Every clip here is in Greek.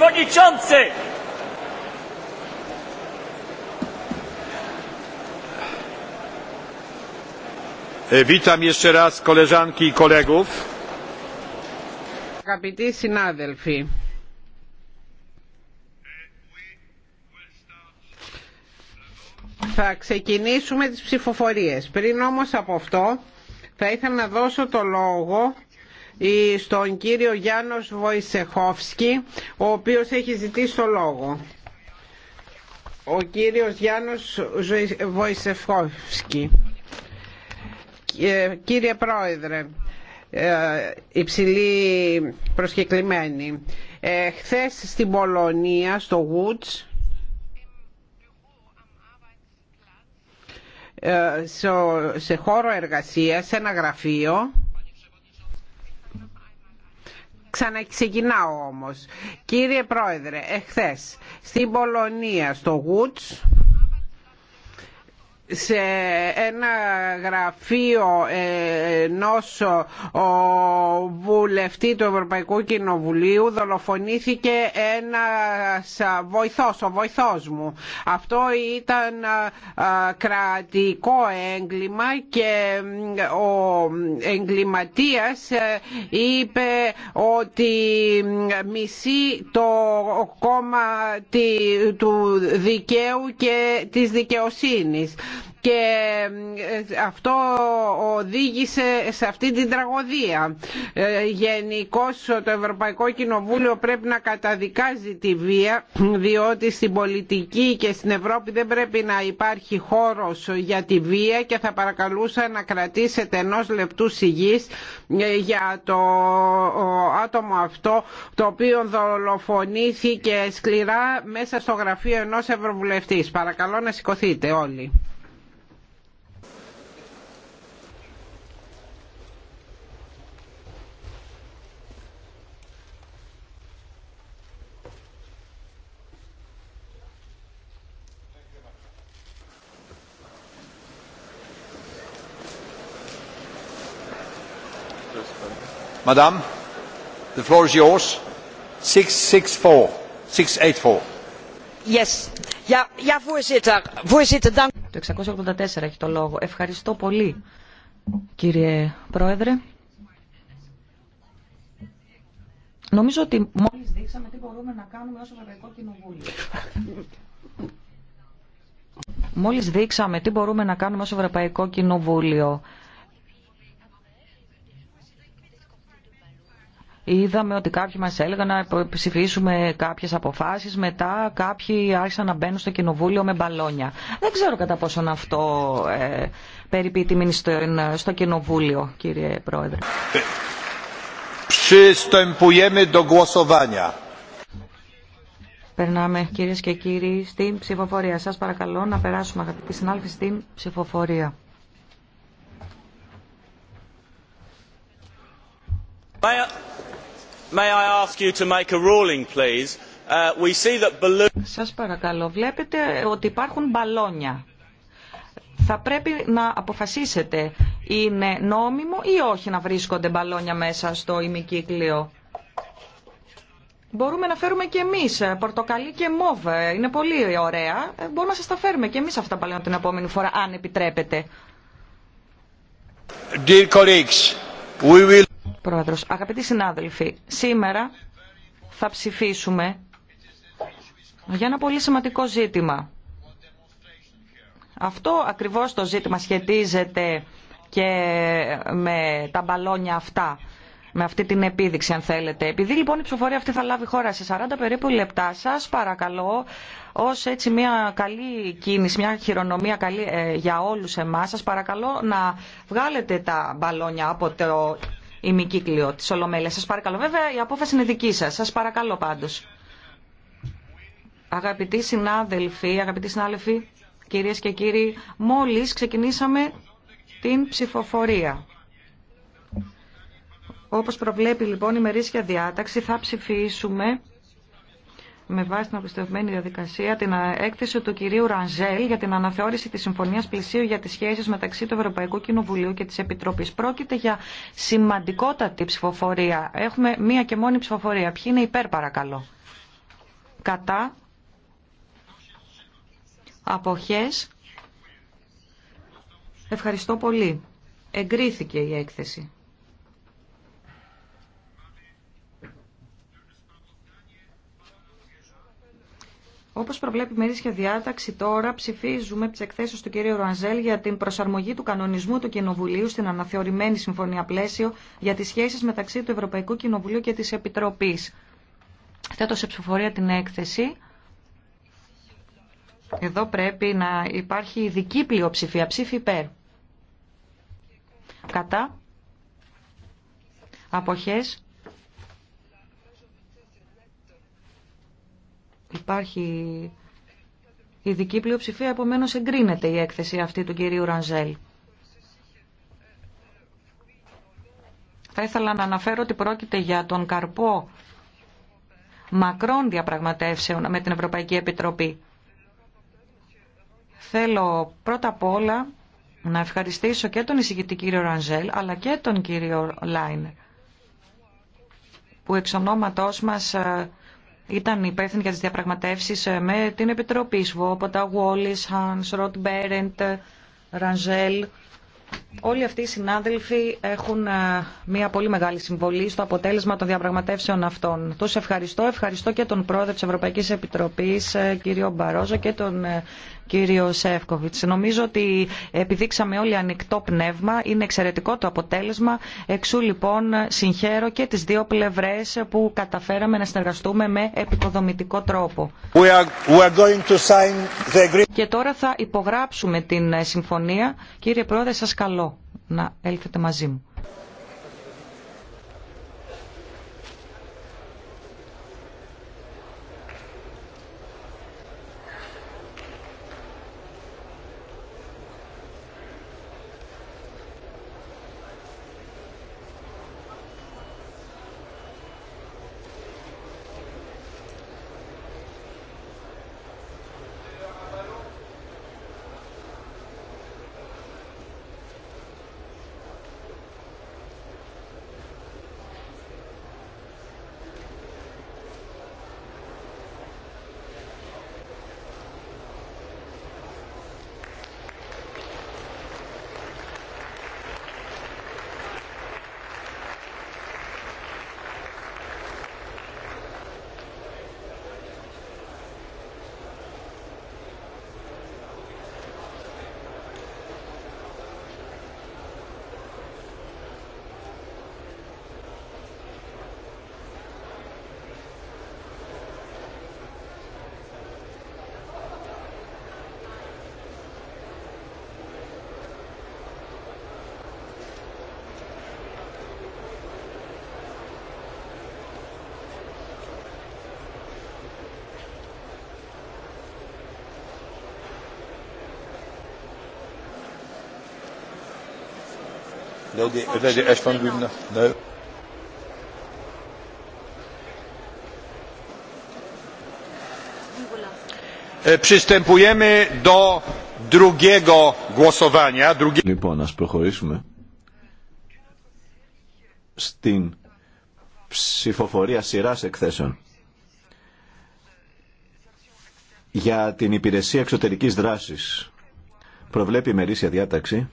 przewodniczący! E, witam jeszcze raz koleżanki i kolegów. Αγαπητοί συνάδελφοι, θα ξεκινήσουμε τις ψηφοφορίες. Πριν όμως από αυτό, θα ήθελα να δώσω το λόγο στον κύριο Γιάννος Βοησεχόφσκι, ο οποίος έχει ζητήσει το λόγο. Ο κύριος Γιάννος Βοησεχόφσκι. Ε, κύριε Πρόεδρε, ε, υψηλή προσκεκλημένη. Ε, χθες στην Πολωνία, στο Woods, ε, σε χώρο εργασίας, σε ένα γραφείο, Ξαναξεκινάω όμως. Κύριε Πρόεδρε, εχθές στην Πολωνία, στο Γουτς, σε ένα γραφείο ενός βουλευτή του Ευρωπαϊκού Κοινοβουλίου δολοφονήθηκε ένας βοηθός, ο βοηθός μου. Αυτό ήταν κρατικό έγκλημα και ο εγκληματίας είπε ότι μισεί το κόμμα του δικαίου και της δικαιοσύνης και ε, αυτό οδήγησε σε αυτή την τραγωδία. Ε, Γενικώ το Ευρωπαϊκό Κοινοβούλιο πρέπει να καταδικάζει τη βία διότι στην πολιτική και στην Ευρώπη δεν πρέπει να υπάρχει χώρος για τη βία και θα παρακαλούσα να κρατήσετε ενός λεπτού σιγής ε, για το άτομο αυτό το οποίο δολοφονήθηκε σκληρά μέσα στο γραφείο ενός Ευρωβουλευτής. Παρακαλώ να σηκωθείτε όλοι. Madame, the floor is yours. 664. 684. Yes. για για voorzitter. Voorzitter, dank. Το 684 έχει το λόγο. Ευχαριστώ πολύ, κύριε Πρόεδρε. Νομίζω ότι μόλις δείξαμε τι μπορούμε να κάνουμε ως Ευρωπαϊκό Κοινοβούλιο. Μόλις δείξαμε τι μπορούμε να κάνουμε ως Ευρωπαϊκό Κοινοβούλιο. είδαμε ότι κάποιοι μας έλεγαν να ψηφίσουμε κάποιες αποφάσεις, μετά κάποιοι άρχισαν να μπαίνουν στο κοινοβούλιο με μπαλόνια. Δεν ξέρω κατά πόσον αυτό ε, περιποιεί τη στο κοινοβούλιο, κύριε Πρόεδρε. Περνάμε κυρίε και κύριοι στην ψηφοφορία. Σας παρακαλώ να περάσουμε αγαπητοί συνάδελφοι στην ψηφοφορία. Bye. Σας παρακαλώ, βλέπετε ότι υπάρχουν μπαλόνια. Θα πρέπει να αποφασίσετε είναι νόμιμο ή όχι να βρίσκονται μπαλόνια μέσα στο ημικύκλιο. Μπορούμε να φέρουμε και εμείς ε, πορτοκαλί και μόβ. Ε, είναι πολύ ωραία. Ε, μπορούμε να σας τα φέρουμε και εμείς αυτά μπαλόνια την επόμενη φορά, αν επιτρέπετε. Dear colleagues, we Πρόεδρος, αγαπητοί συνάδελφοι, σήμερα θα ψηφίσουμε για ένα πολύ σημαντικό ζήτημα. Αυτό ακριβώς το ζήτημα σχετίζεται και με τα μπαλόνια αυτά, με αυτή την επίδειξη αν θέλετε. Επειδή λοιπόν η ψηφοφορία αυτή θα λάβει χώρα σε 40 περίπου λεπτά, σας παρακαλώ ως έτσι μια καλή κίνηση, μια χειρονομία καλή ε, για όλους εμάς, σας παρακαλώ να βγάλετε τα μπαλόνια από το ημικύκλιο τη Ολομέλεια. Σας παρακαλώ. Βέβαια η απόφαση είναι δική σα, σα παρακαλώ πάντω. Αγαπητοί συνάδελφοι, αγαπητοί συνάδελφοι, κυρίες και κύριοι, μόλι ξεκινήσαμε την ψηφοφορία. Όπως προβλέπει λοιπόν η μερίσια διάταξη θα ψηφίσουμε με βάση την απλουστευμένη διαδικασία την έκθεση του κυρίου Ρανζέλ για την αναθεώρηση τη Συμφωνία Πλησίου για τι σχέσει μεταξύ του Ευρωπαϊκού Κοινοβουλίου και τη Επιτροπή. Πρόκειται για σημαντικότατη ψηφοφορία. Έχουμε μία και μόνη ψηφοφορία. Ποιοι είναι υπέρ, παρακαλώ. Κατά. Αποχές. Ευχαριστώ πολύ. Εγκρίθηκε η έκθεση. Όπως προβλέπει η μερίσια διάταξη, τώρα ψηφίζουμε τι εκθέσει του κ. Ρουανζέλ για την προσαρμογή του κανονισμού του Κοινοβουλίου στην αναθεωρημένη συμφωνία πλαίσιο για τις σχέσεις μεταξύ του Ευρωπαϊκού Κοινοβουλίου και της Επιτροπής. Θέτω σε ψηφοφορία την έκθεση. Εδώ πρέπει να υπάρχει ειδική πλειοψηφία, ψήφι υπέρ. Κατά. Αποχές. Υπάρχει ειδική πλειοψηφία, επομένω εγκρίνεται η έκθεση αυτή του κυρίου Ρανζέλ. Θα ήθελα να αναφέρω ότι πρόκειται για τον καρπό μακρών διαπραγματεύσεων με την Ευρωπαϊκή Επιτροπή. Θέλω πρώτα απ' όλα να ευχαριστήσω και τον εισηγητή κύριο Ρανζέλ αλλά και τον κύριο Λάιν που εξ ονόματός μας ε, ήταν υπεύθυνη για τις διαπραγματεύσεις ε, με την Επιτροπή Σβόποτα, Γουόλις, Hans, Ροτ Μπέρεντ, Ρανζέλ. Όλοι αυτοί οι συνάδελφοι έχουν ε, μια πολύ μεγάλη συμβολή στο αποτέλεσμα των διαπραγματεύσεων αυτών. Τους ευχαριστώ. Ευχαριστώ και τον πρόεδρο της Ευρωπαϊκής Επιτροπής, ε, κύριο Μπαρόζο, και τον κύριο Σεύκοβιτ. Νομίζω ότι επιδείξαμε όλοι ανοιχτό πνεύμα. Είναι εξαιρετικό το αποτέλεσμα. Εξού λοιπόν συγχαίρω και τι δύο πλευρέ που καταφέραμε να συνεργαστούμε με επικοδομητικό τρόπο. We are, going to sign the... Και τώρα θα υπογράψουμε την ε, συμφωνία. Κύριε Πρόεδρε, σα καλώ να έλθετε μαζί μου. Λοιπόν, ας προχωρήσουμε στην ψηφοφορία σειράς εκθέσεων για την υπηρεσία εξωτερικής δράσης. Προβλέπει η μερίσια διάταξη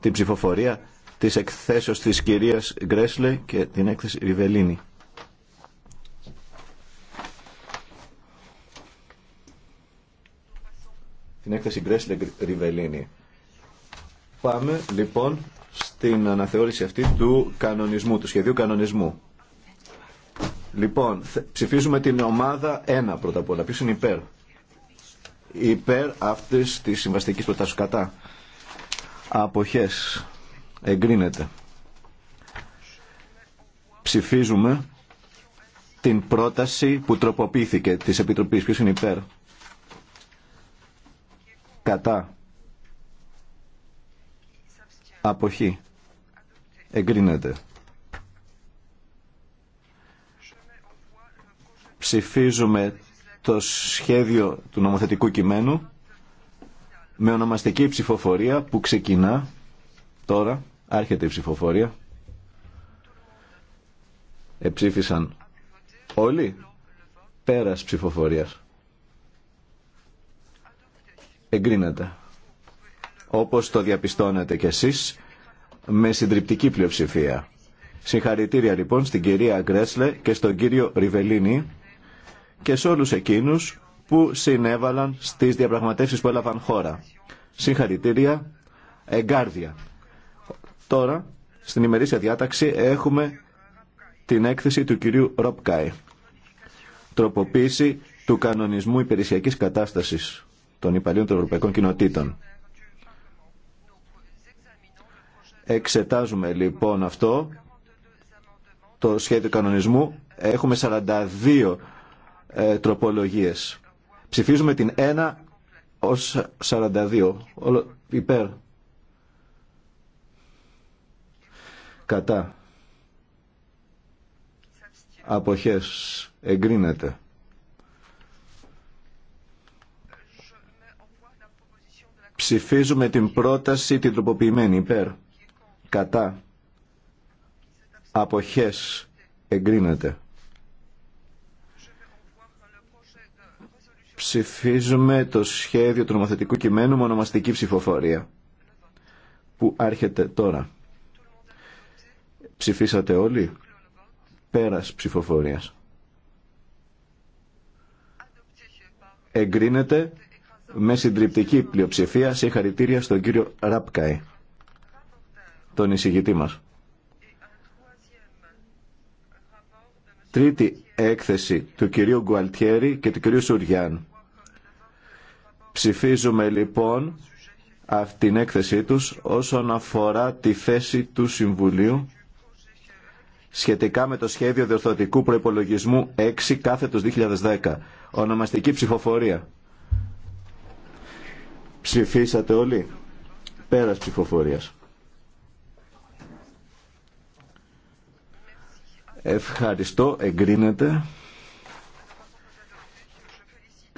την ψηφοφορία της εκθέσεως της κυρίας Γκρέσλε και την έκθεση Ριβελίνη. Την έκθεση Γκρέσλε Ριβελίνη. Πάμε λοιπόν στην αναθεώρηση αυτή του κανονισμού, του σχεδίου κανονισμού. Λοιπόν, ψηφίζουμε την ομάδα 1 πρώτα απ' όλα. Ποιος είναι υπέρ. Υπέρ αυτής της συμβαστικής προτάσεως κατά αποχές εγκρίνεται ψηφίζουμε την πρόταση που τροποποιήθηκε της Επιτροπής ποιος είναι υπέρ κατά αποχή εγκρίνεται ψηφίζουμε το σχέδιο του νομοθετικού κειμένου με ονομαστική ψηφοφορία που ξεκινά τώρα, άρχεται η ψηφοφορία. Εψήφισαν όλοι πέρας ψηφοφορίας. Εγκρίνεται. Όπως το διαπιστώνετε κι εσείς, με συντριπτική πλειοψηφία. Συγχαρητήρια λοιπόν στην κυρία Γκρέσλε και στον κύριο Ριβελίνη και σε όλους εκείνους που συνέβαλαν στις διαπραγματεύσεις που έλαβαν χώρα. Συγχαρητήρια, εγκάρδια. Τώρα, στην ημερήσια διάταξη, έχουμε την έκθεση του κυρίου Ροπκάη. Τροποποίηση του κανονισμού υπηρεσιακής κατάστασης των υπαλλήλων των Ευρωπαϊκών Κοινοτήτων. Εξετάζουμε λοιπόν αυτό το σχέδιο κανονισμού. Έχουμε 42 ε, τροπολογίες. Ψηφίζουμε την 1 ως 42. Όλο, υπέρ. Κατά. Αποχές. Εγκρίνεται. Ψηφίζουμε την πρόταση την τροποποιημένη υπέρ. Κατά. Αποχές εγκρίνεται. Ψηφίζουμε το σχέδιο του νομοθετικού κειμένου με ψηφοφορία που άρχεται τώρα. Ψηφίσατε όλοι. Πέρας ψηφοφορίας. Εγκρίνεται με συντριπτική πλειοψηφία συγχαρητήρια στον κύριο Ράπκαη, τον εισηγητή μας. Τρίτη έκθεση του κυρίου Γκουαλτιέρη και του κυρίου Σουριάν. Ψηφίζουμε λοιπόν αυτήν την έκθεσή τους όσον αφορά τη θέση του Συμβουλίου σχετικά με το σχέδιο διορθωτικού προϋπολογισμού 6 κάθετος 2010. Ονομαστική ψηφοφορία. Ψηφίσατε όλοι. Πέρας ψηφοφορίας. Ευχαριστώ. Εγκρίνεται.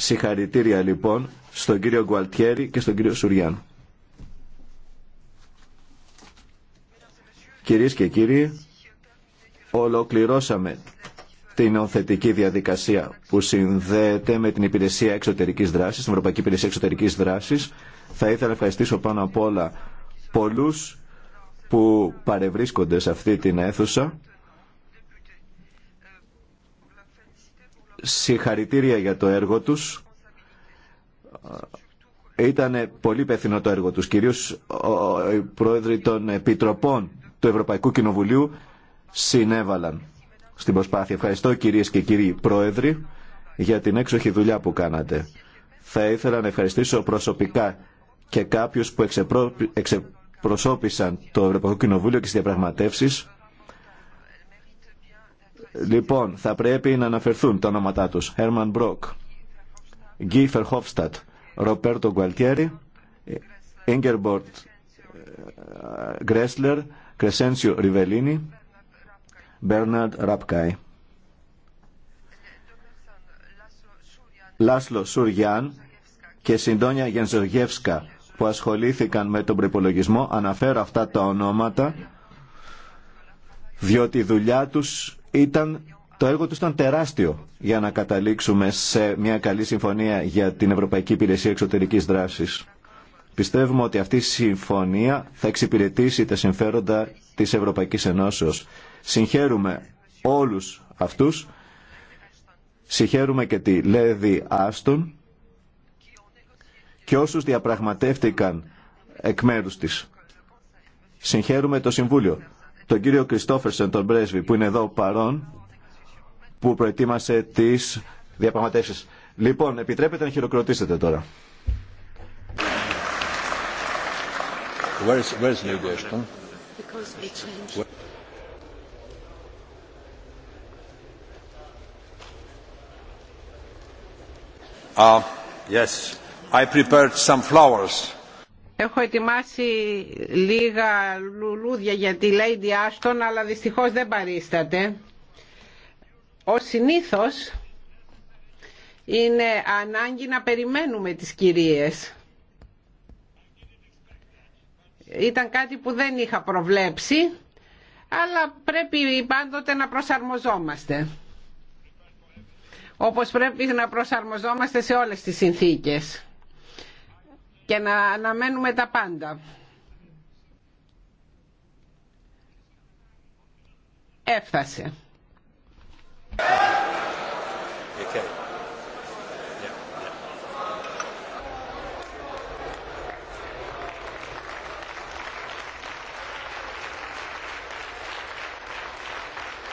Συγχαρητήρια λοιπόν στον κύριο Γκουαλτιέρη και στον κύριο Σουριάν. Κυρίες και κύριοι, ολοκληρώσαμε την οθετική διαδικασία που συνδέεται με την υπηρεσία εξωτερικής δράσης, την Ευρωπαϊκή Υπηρεσία Εξωτερικής Δράσης. Θα ήθελα να ευχαριστήσω πάνω απ' όλα πολλούς που παρευρίσκονται σε αυτή την αίθουσα. συγχαρητήρια για το έργο τους. Ήταν πολύ πεθυνό το έργο τους, κυρίως οι πρόεδροι των Επιτροπών του Ευρωπαϊκού Κοινοβουλίου συνέβαλαν στην προσπάθεια. Ευχαριστώ κυρίες και κύριοι πρόεδροι για την έξοχη δουλειά που κάνατε. Θα ήθελα να ευχαριστήσω προσωπικά και κάποιους που εξεπροσώπησαν το Ευρωπαϊκό Κοινοβούλιο και στις διαπραγματεύσεις Λοιπόν, θα πρέπει να αναφερθούν τα ονόματά τους. Herman Brock, Guy Verhofstadt, Roberto Gualtieri, Ingerbord eh, Gressler, Crescencio Rivellini, Bernard Rapkay. Λάσλο Σουριάν και Συντόνια Γενζογεύσκα που ασχολήθηκαν με τον προπολογισμό αναφέρω αυτά τα ονόματα διότι η δουλειά τους ήταν, το έργο του ήταν τεράστιο για να καταλήξουμε σε μια καλή συμφωνία για την Ευρωπαϊκή Υπηρεσία Εξωτερικής Δράσης. Πιστεύουμε ότι αυτή η συμφωνία θα εξυπηρετήσει τα συμφέροντα της Ευρωπαϊκής Ενώσεως. Συγχαίρουμε όλους αυτούς. Συγχαίρουμε και τη Λέδη Άστον και όσους διαπραγματεύτηκαν εκ μέρους της. Συγχαίρουμε το Συμβούλιο τον κύριο Κριστόφερσεν, τον πρέσβη, που είναι εδώ παρόν, που προετοίμασε τις διαπραγματεύσεις. Λοιπόν, επιτρέπετε να χειροκροτήσετε τώρα. Where's, where's uh, yes, I prepared some flowers. Έχω ετοιμάσει λίγα λουλούδια για τη Lady Άστον, αλλά δυστυχώς δεν παρίσταται. Ο συνήθως είναι ανάγκη να περιμένουμε τις κυρίες. Ήταν κάτι που δεν είχα προβλέψει, αλλά πρέπει πάντοτε να προσαρμοζόμαστε. Όπως πρέπει να προσαρμοζόμαστε σε όλες τις συνθήκες και να αναμένουμε τα πάντα. Έφτασε.